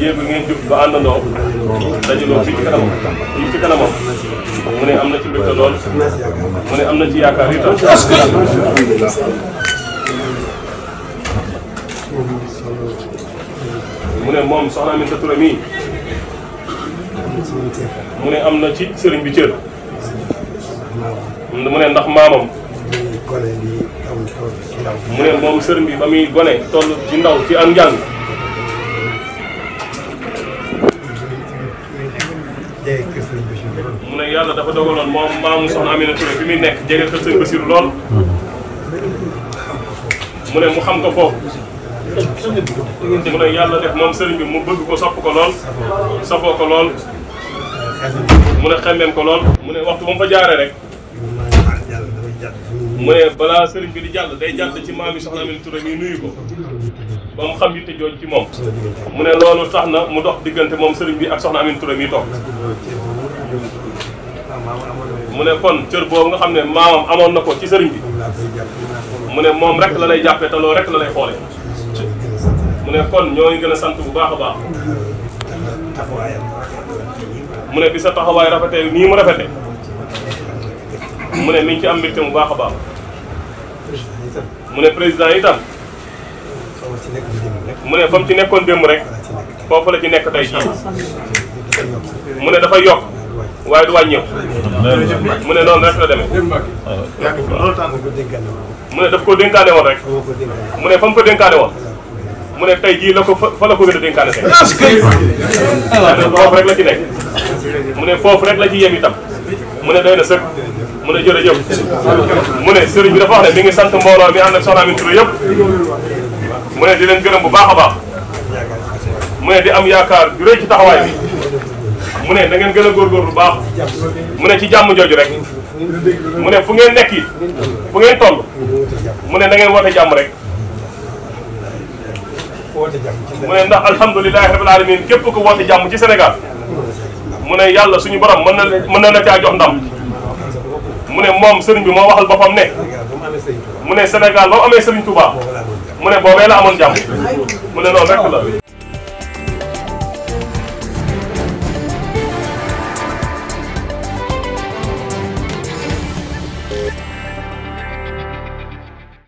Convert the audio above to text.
jéeg bi ngeen jóg ba àndandoo dajaloo fii ci kanamam fii ci kanamam mu ne am na ci mbégte lool mu ne am na ci yaakaar yi tam. mu ne moom soxna Aminata Touré am na ci sëriñ bi cër mu ne ndax maamam mu ne moom sëriñ bi ba muy gone toll ci ndaw ci am njàng. mu ne yàlla dafa dogaloon moom maamu soxna Amina Touré bi muy nekk jege kër sëñ mu ne mu xam ko foofu. mu ne yàlla def moom sëriñ bi mu bëgg ko sopp ko lool. safoo ko lool. mu ne xemmeem ko lool. mu ne waxtu ba mu fa jaaree rek. mu ne balaa sëriñ bi di jàll day jàll ci maam yi soxna Amina Touré mi nuyu ko. ba mu xam yitte jooju ci moom mu ne loolu sax na mu dox diggante moom sëriñ bi ak soxna Amine Touré mi toog mu ne kon cër boobu nga xam ne maamam amoon na ko ci sëriñ bi mu ne moom rek la lay jàppee te loolu rek la lay xoolee mu ne kon ñoo ngi gën a sant bu baax a baax mu ne bi sa taxawaay rafetee nii mu rafete mu ne mi ngi ci am mbégte mu baax a baax mu ne président itam mu ne fa mu ci nekkoon démb rek foofu la ci nekk tey jii mu ne dafa yokk waaye du wàññeeku mu ne noonu rek la demee mu ne daf koo dénkaane woon rek mu ne fa mu ko dénkaane woon mu ne tey jii la ko fa la ko gën a dénkaane tey foofu rek la ci nekk mu ne foofu rek la ci yem itam mu ne doy na sëkk mu ne jërëjëf mu ne sëriñ bi dafa wax ne mi ngi sant mbooloo mi am ak soxna Aminou Touré yëpp mu ne di leen gërëm bu baax a baax mu ne di am yaakaar ju ci taxawaay bi mu ne na ngeen gën a góorgóorlu baax mu ne ci jàmm jooju rek mu ne fu ngeen nekk yi fu ngeen toll mu ne na ngeen woote jàmm rek mu ne ndax alhamdulilahi rabil alamin képp ku woote jàmm ci senegal mu ne yàlla suñu borom mën na mën na la caa jox ndam mu ne moom sëriñ bi moo waxal boppam ne mu ne Sénégal ba amee sëriñ Touba mu ne boobee la amoon jàmm mu ne loolu rek la